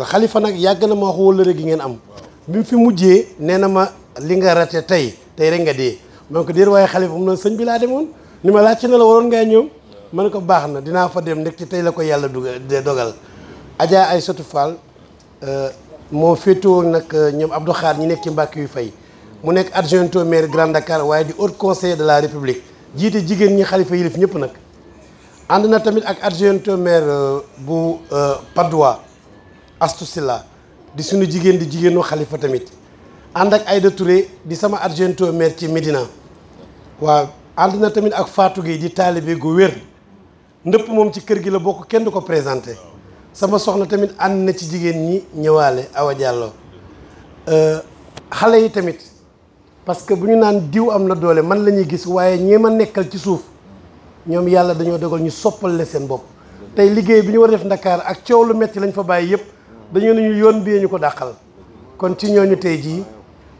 xalifa nag yàgg na ma wax wóllëre gi ngeen am bi mu fi mujjee nee na ma li nga rate tey tey rek nga dee man ko déer waaye xalifa mu na sëñ bi laa demoon ni ma laajte na la waroon ngaa ñëw ma ne ko baax na dinaa fa dem ndek ci tey la ko yàlla dugal dogal ay Aïssatou Fall euh, moo féetewoo nag euh, ñoom Abdou Khare ñi nekk ci mbàkk yu fay mu nekk adjoint au maire Grand Dakar waaye di haut conseil de la République jiite jigéen ñi xalifa yilif ñëpp nag ànd na tamit ak adjoint au maire euh, bu Padoua Astou Sylla di suñu jigéen di jigéenu xalifa tamit ànd ak Aïda Touré di sama adjointe au maire ci Médina waaw ànd na tamit ak faatu Gueye di taalibe gu wér ndëpp moom ci kër gi la bokk kenn du ko présenté sama soxna tamit ànd na ci jigéen ñi ñëwaale Awa Diallo euh, xale yi tamit parce que bu ñu naan diw am na doole man la ñuy gis waaye ñi ma nekkal ci suuf ñoom yàlla dañoo dogal ñu soppal la seen bopp tey liggéey bi ñu war a def Ndakaar ak coow lu metti lañ fa bàyyi yëpp dañu ne yoon bi ñu ko dàqal kon ci ñooñu tey jii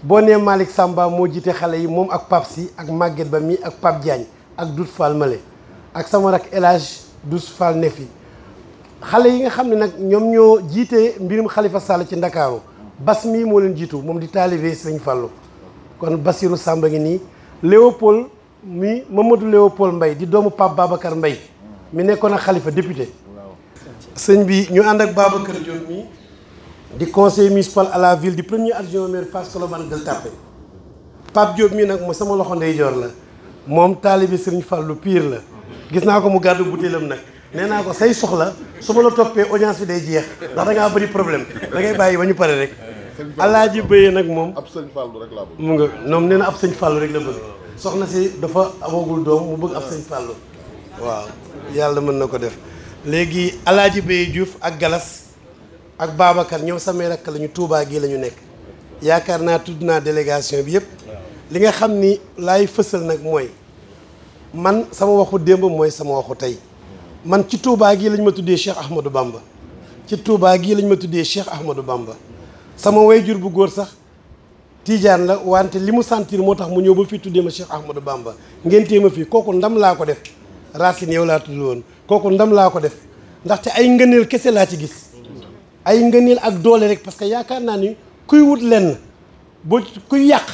boo nee Malick Samba moo jiite xale yi moom ak Pape Sy ak Maguette Ba mi ak Pape Diagne ak Dout Fall Male ak sama rak El Hadj Dout Fall Nefi xale yi nga xam ne nag ñoom ñoo jiite mbirum xalifa Sall ci Ndakaaru Bas mii moo leen jiitu moom di taalibe sëñ Fallu kon Basirou sàmba ngi nii Léopold mi Mamadou Léopold mbay di doomu Pape Babacar mbay mi nekkoon ak xalifa député sëñ bi ñu ànd ak Babacar Diop mi di conseil municipal à la ville di premier adjoint au maire Fass Colobane Gueule Tapée Pape Diop mii nag moo sama loxo ndeyjoor la moom taalibe Serigne Fallou piir la gis naa ko mu gàddu butéelam nag nee naa ko say soxla su ma la toppee audience day jeex ndax da ngaa bëri problème da ngay bàyyi ba ñu pare rek. alaaji bëyee nag moom ab sëñ Fallou rek laa mu nga ñoom nee na ab sëñ Fallou rek la bëgg soxna si dafa amagul doom mu bëgg ab sëñ Fallou. waaw yàlla mën na ko def léegi alaaji bëyee ak Galas. ak Babacar ñoom samay rakk lañu tuubaa gii lañu nekk yaakaar naa tudd naa délégation bi yëpp li nga xam ni laay fësal nag mooy man sama waxu démb mooy sama waxu tey man ci Touba gii lañ ma tuddee Cheikh Ahmadou Bamba ci Touba gii lañ ma tuddee Cheikh Ahmadou Bamba sama wayjur bu góor sax Tidiane la wante li mu sentir moo tax mu ñëw ba fii tuddee ma Cheikh Ahmadou Bamba ngeen téye ma fii kooku ndam laa ko def Racine yow laa tudd woon kooku ndam laa ko def ndaxte ay ngëneel kese laa ci gis ay ngëneel ak doole rek parce que yaakaar naa ni kuy wut lenn boo kuy yàq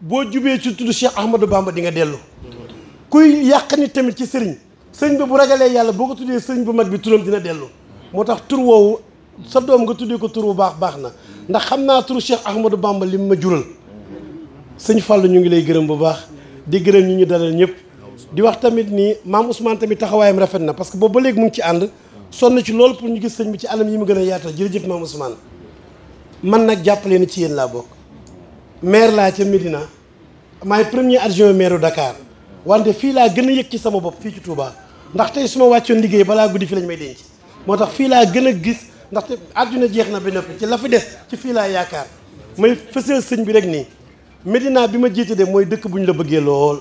boo jubee ci tudd Cheikh Ahmadou Bamba di nga dellu kuy yàq ni tamit ci sëriñ sëriñ bi bu ragalee yàlla boo ko tuddee sëriñ bu mag bi turam dina dellu moo tax tur woowu sa doom nga tuddee ko tur bu baax baax na ndax xam naa turu Cheikh Ahmadou Bamba lim ma jural sëñ Fallou ñu ngi lay gërëm bu baax di gërëm ñi ñu dalal ñëpp di wax tamit ni maam Ousmane tamit taxawaayam rafet na parce que boobu ba léegi mu ngi ci ànd sonn ci loolu pour ñu gis sëñ bi ci anam yi mu gën a yaatal jërëjëf maam Ousmane man nag jàppaleen ci yéen laa bokk maire laa ca Médina maay premier adjoint maire dakaar wante fii laa gën a yëg ci sama bopp fii ci Touba ndax tey su wàccoon liggéey balaa guddi fi lañ may denc moo tax fii laa gën a gis ndaxte àdduna jeex na bi noppi ci la fi des ci fii laa yaakaar may fësal sëñ bi rek nii Médina bi ma jiite de mooy dëkk bu ñu la bëggee lool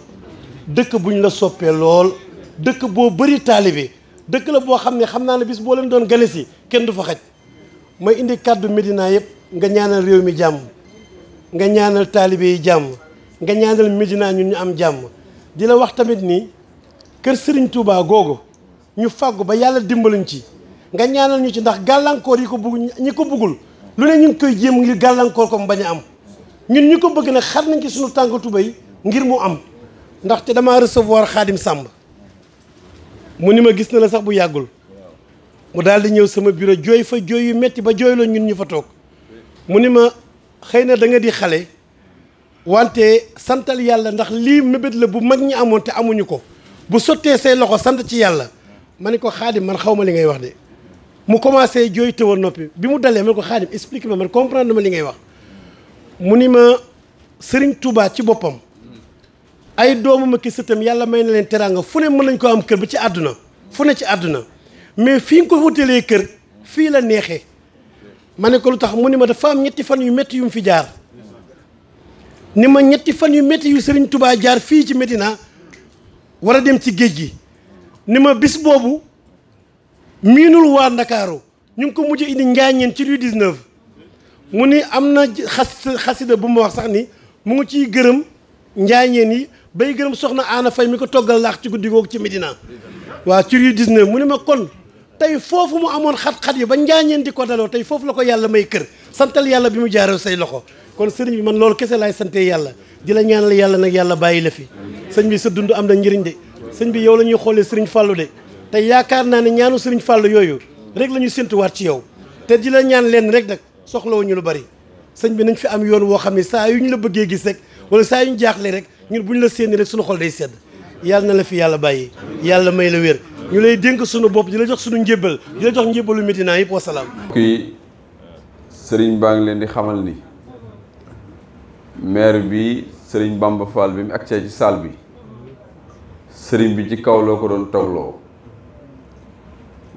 dëkk bu la soppee lool dëkk boo bëri taalibe dëkk la boo xam ne xam naa ne bis boo leen doon gane si kenn du fa xaj may indi kàddu Médina yëpp nga ñaanal réew mi jàmm nga ñaanal taalibe yi jàmm nga ñaanal Médina ñun ñu am jàmm di la wax tamit nii kër sëriñ Touba googu ñu fàggu ba yàlla dimbaluñ ci nga ñaanal ñu ci ndax gàllankoor yi ko bugg ñi ko buggul lu ne ñu ngi koy jéem ngir gàllankoor ko mu bañ a am ñun ñi ko bëgg nag xar nañ ci suñu tànk Touba yi ngir mu am ndaxte damaa resevoir Xaadim Sàmb mu ni ma gis na la sax bu yàggul mu daal ñëw sama biir a jooy fa jooy yu metti ba jooyloo ñun ñu fa toog mu ni ma xëy na danga di xale wante santal yàlla ndax lii mébét la bu mag ñi amoon te amuñu ko bu sottee say loxo sant ci yàlla ma ne ko xaadim man xaw ma li ngay wax de mu commencé jooy tëwal noppi bi mu dalee ma ne ko xaadim explique ma man comprendre ma li ngay wax mu ni ma sëriñ Touba ci boppam ay doomam ak sëtam yàlla may na leen teraanga fu ne mën nañ ko am kër ba ci àdduna fu ne ci àdduna mais fii nga ko wutalee kër fii la neexee ma ne lu tax mu ni ma dafa am ñetti fan yu métti yu mu fi jaar ni ma ñetti fan yu métti yu Serigne Touba jaar fii ci Medina war a dem ci géej gi ni ma bis boobu miinul waa Ndakaaru ñu ngi ko mujj indi njaañeen ci rue 19 mu ni am na xas xasida bu ma wax sax ni mu ngi ciy gërëm njaañeen yi bay gërëm soxna Aana Fay mi ko toggal laax ci guddi kooku ci Medina waaw ci rue 19 mu ne ma kon tey foofu mu amoon xat-xat yi ba njaañeen di ko daloo tey foofu la ko yàlla may kër santal yàlla bi mu jaaree say loxo kon sëriñ bi man loolu kese laay sante yàlla di la ñaanal yàlla nag yàlla bàyyi la fi sëñ bi sa dund am na njëriñ de sëñ bi yow la ñuy xoolee sëriñ fàllu de tey yaakaar naa ne ñaanu sëriñ fàllu yooyu rek la ñu séntuwaat ci yow te di ñaan leen rek nag soxlawuñu lu bari sëñ bi nañ fi am yoon woo xam ne saa yu ñu la bëggee gis rek wala saa yu jaaxle rek ñun bu ñu la séeni rek suñu xol day sedd yàlla na la fi yàlla bàyyi yàlla may la wér ñu lay dénk suñu bopp di la jox suñu njébbal di la jox njébbalu Médina yëpp wasalaam kii sëriñ baa ngi leen di xamal ni maire bi sëriñ Bamba Fall bi mu accee ci salle bi sëriñ bi ci kaw loo ko doon tawloo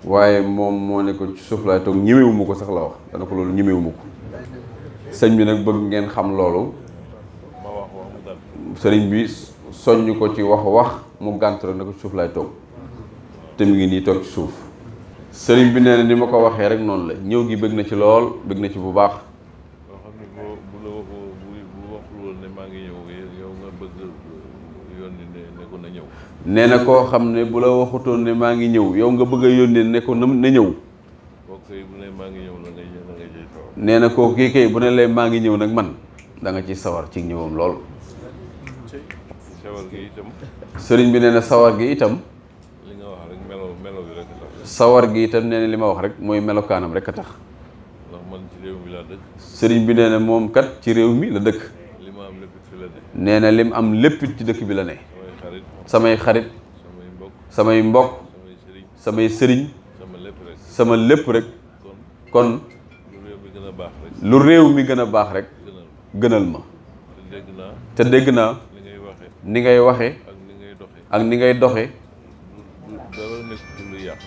waaye moom moo ne ko ci suuf laay ko sax la wax dana ko loolu ñemewuma ko sëñ bi nag bëgg ngeen xam loolu sëriñ bi soññ ko ci wax wax mu gànt rek na ko suuf laay toog te mu ngi nii toog suuf sëriñ bi nee ni ma ko waxee rek noonu la ñëw gi bëgg na ci lool bëgg na ci bu baax nee na koo xam ne bu la waxutoon ne maa ngi ñëw yow nga bëgg a yónnee ne ko na na ñëw. nee na kooku kii bu ne lay maa ngi ñëw nag man danga nga ciy sawar ci ñëwam lool. sëriñ bi nee na sawar gi itam. li nga wax rek melo melo sawar gi itam nee na li ma wax rek mooy melokaanam rek a tax. ndax sëriñ bi nee na moom kat ci réew mi la dëkk. li ma am lépp nee na lim am lépp ci dëkk bi la ne. samay xarit. samay mbokk samay sëriñ. sama lépp sama lépp rek. kon lu réew mi gën a baax rek. gënal ma. te dégg naa. ni ngay waxe ak ni ngay doxe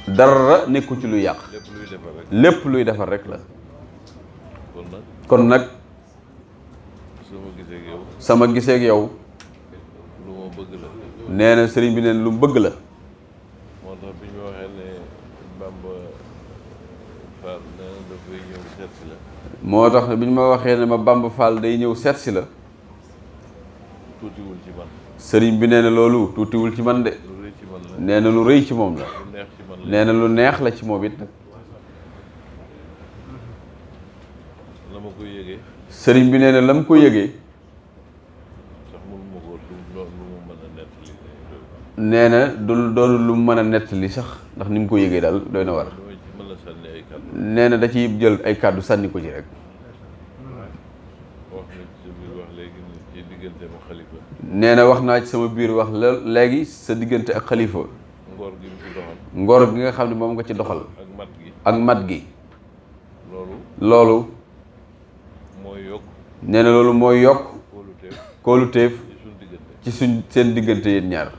dara nekku ci lu yàq lépp luy defar rek la kon nag sama giseek yow nee na sëriñ bi neen lu bëgg la moo tax bi ñu waxee ne moo tax bi ñu ma waxee ne ma bàmb Fall day ñëw seetsi la tuutiwul ci man. sëriñ bi nee na loolu tuutiwul ci man de. nee na lu rëy ci moom la. nee na lu neex la ci moom it nag. sëriñ bi nee na la mu ko yëgee. nee na du doon lu mën a li sax ndax ni mu ko yëgee daal doy na war. nee na da ciy jël ay kàddu sànni ko ci rek. nee na wax naa ci sama biir wax la léegi sa diggante ak xalifa ngoor gi ngor gi nga xam ne moom nga ci doxal. ak mat gi ak mat gi. loolu. loolu. mooy yokk. nee loolu mooy yokk. kóoluteef ci suñ seen diggante yéen ñaar.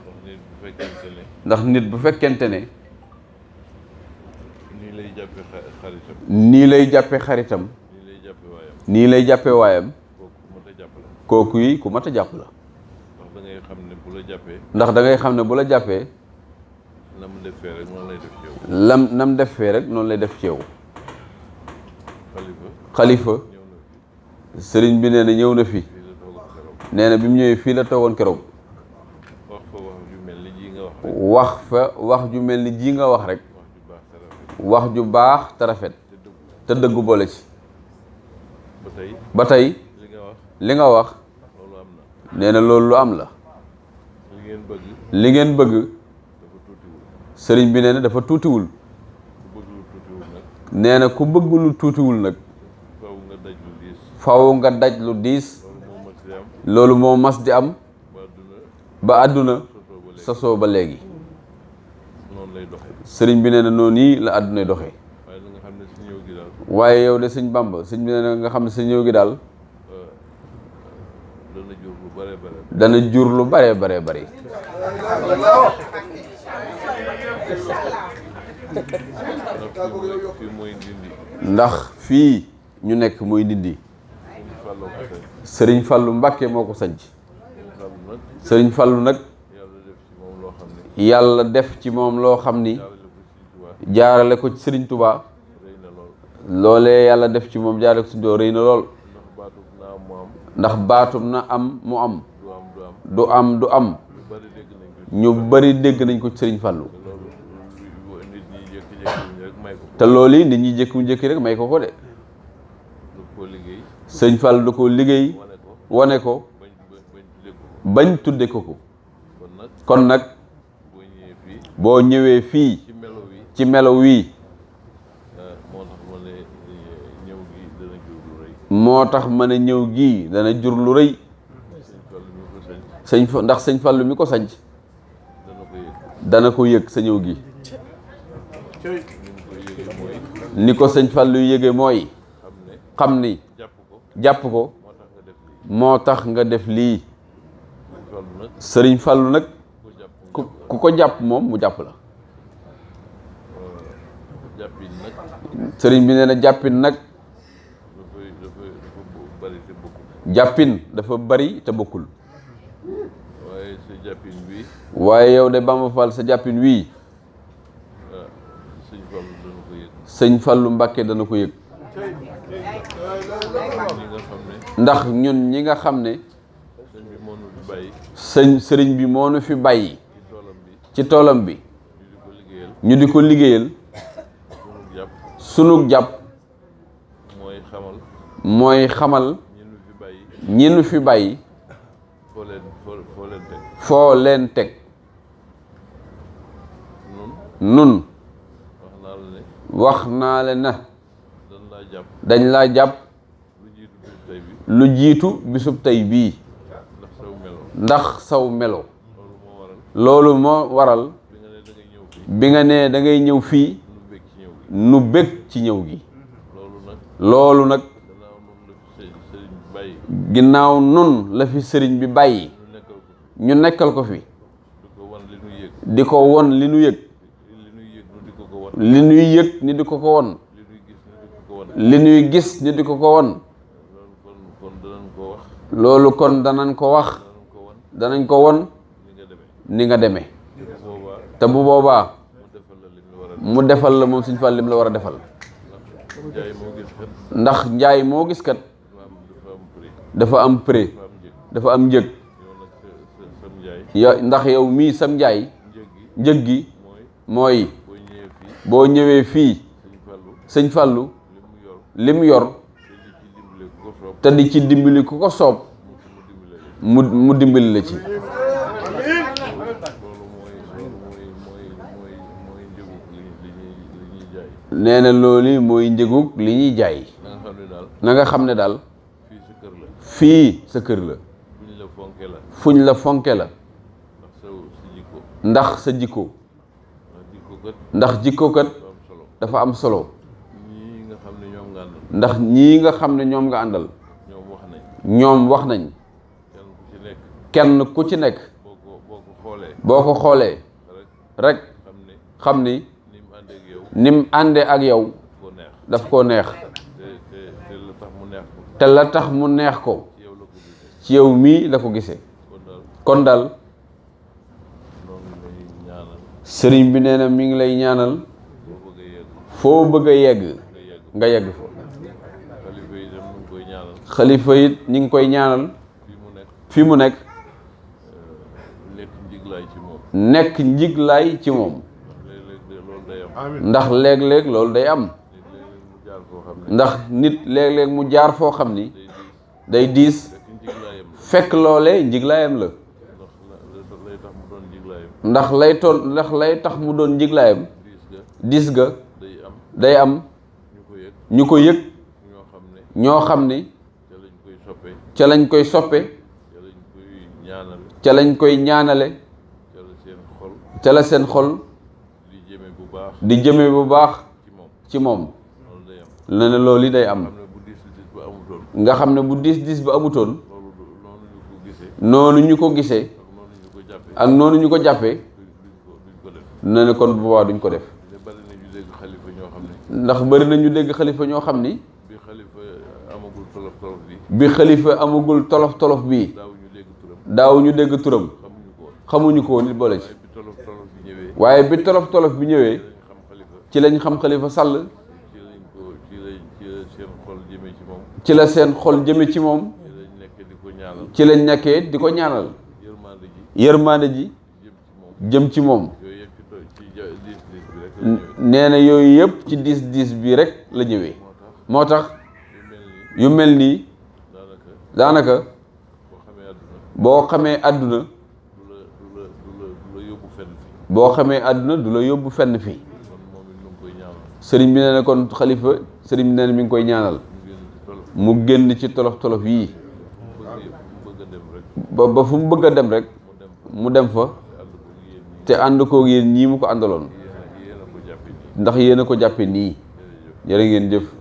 ndax nit bu fekkente ne. nii lay nii lay jàppe xaritam. nii lay jàppee waayam kooku yi ku mat a jàpp la ndax da ngay xam ne bu la jàppee ndax da xam ne bu la jàppee lam def fee rek noonu nam def fee rek noonu lay def ci yow xalifa sëriñ bi neena ñëw na fi nee na bi mu ñëwee fii la toogoon keroog wax fa wax ju mel ni jii nga wax rek wax ju baax te rafet te dëggu boole ci ba tey li nga wax nee na loolu lu am la li ngeen bëgg sëriñ bi nee na dafa tuutiwul nee na ku bëggulu tuutiwul nag faw nga daj lu diis loolu moo mas di am ba àdduna sasoo ba léegi sëriñ bi nee na noon yi la àddunay doxee waaye yow de sëñ bàmb sëñ bi nee nga xam ne sa gi daal dana jur lu bare bare jur lu bare bare bare ndax fii ñu nekk mooy Ndindi sëriñ Fallu Mbàkke moo ko sanc sëriñ Fallu nag yàlla def ci moom loo xam ni jaarale ko ci sëriñ Tubaa loolee yàlla def ci moom jaaree ko si doo rëy na lool ndax baatum na am mu am du am du am ñu bari dégg nañ ko Sëriñ Fallu te loolu yi nit ñi jékki jékki rek may ko ko de Sëriñ Fallu da ko liggéey wane ko bañ tudde ko ko kon nag boo ñëwee fii ci melow wii moo tax ma ne ñëw gii dana jur lu rëy sëñ fa ndax sëñ Fallu mi ko sanc dana ko yëg sa ñëw gi ni ko sëñ Fallu yëge mooy xam ni jàpp ko moo tax nga def lii sëriñ Fallu nag ku ko jàpp moom mu jàpp la sëriñ bi nee na jàppin nag jàppin dafa bari te bokkul waaye sa jàppin wii waaye yow de Bamba Fall sa jàppin wii ah, sëñ Fallou Mbàkke dana ko yëg ndax ñun ñi nga xam ne sëñ sëriñ bi moo nu fi bàyyi ci toolam bi ñu di ko liggéeyal sunug jàpp mooy xamal ñi nu fi bàyyi foo leen teg nun wax naa le na dañ laa jàpp lu jiitu bisub tey bii ndax saw melo loolu moo waral bi nga nee dangay ñëw fii nu bég ci ñëw gi loolu nag ginnaaw nun la fi sëriñ bi bàyyi ñu nekkal ko fi di ko won li nu yëg li nuy yëg ni di ko ko won li nuy gis ni di ko ko won loolu kon danañ ko wax danañ ko won ni nga deme te bu boobaa mu defal la moom suñ fal lim la war a defal ndax njaay moo gis kat dafa am prix dafa am njëg yo ndax yow mii sam njaay njëg gi mooy boo ñëwee fii sëñ Fallou li yor te di ci dimbali ku ko soob mu mu dimbali la ci nee na loolu mooy njëgug li ñuy jaay na nga xam ne daal fii sa kër la. fuñ la fonke la. fuñ la fonke la. ndax sa jikko. ndax jikko kat. dafa am solo. ndax ñii nga xam ne ñoom nga àndal. ñoom wax nañ. kenn ku ci nekk. boo ko xoolee. rek xam ni. ni mu àndee ak yow. daf koo neex. te la tax mu neex ko ci yow mii la ko gisee kon dal sëriñ bi nee na mi ngi lay ñaanal foo bëgg a yegg nga yegg fa xalifa it ñu ngi koy ñaanal fi mu nekk nekk njiglaay ci moom ndax léeg-léeg loolu day am ndax nit léeg-léeg mu jaar foo xam ni day diis fekk loole njiglaayam la ndax lay toon ndax lay tax mu doon njiglaayam diis ga day am ñu ko yëg ñoo xam ne ca lañ koy soppe ca lañ koy ñaanale ca la seen xol di jëme bu baax ci moom na ne loolu yi day am nga xam ne bu diis diis ba amutoon noonu ñu ko gisee ak noonu ñu ko jàppee na ne kon bu boobaa duñ ko def ndax bari na ñu dégg xalifa ñoo xam ni bi xalifa amagul tolof tolof bi bi xalifa amagul tolof tolof bii daaw ñu dégg turam xamuñu ko nit boole ci waaye bi tolof tolof bi ñëwee ci lañu xam xalifa sàll ci la seen xol jëme ci moom ci lañ nakkee di ko ñaanal yërmaande ji jëm ci moom nee na yooyu yëpp ci diis diis bi rek la ñëwee moo tax yu mel nii daanaka boo xamee àdduna boo xamee àdduna du la yóbbu fenn fii sëriñ bi nee kon xalifa sëriñ bi nee mi ngi koy ñaanal mu génn ci tolof tolof yii ba ba fu mu bëgg a dem rek mu dem fa te ànd koog yéen ñii mu ko àndaloon ndax yéen a ko jàppe nii jërë ngeen jëf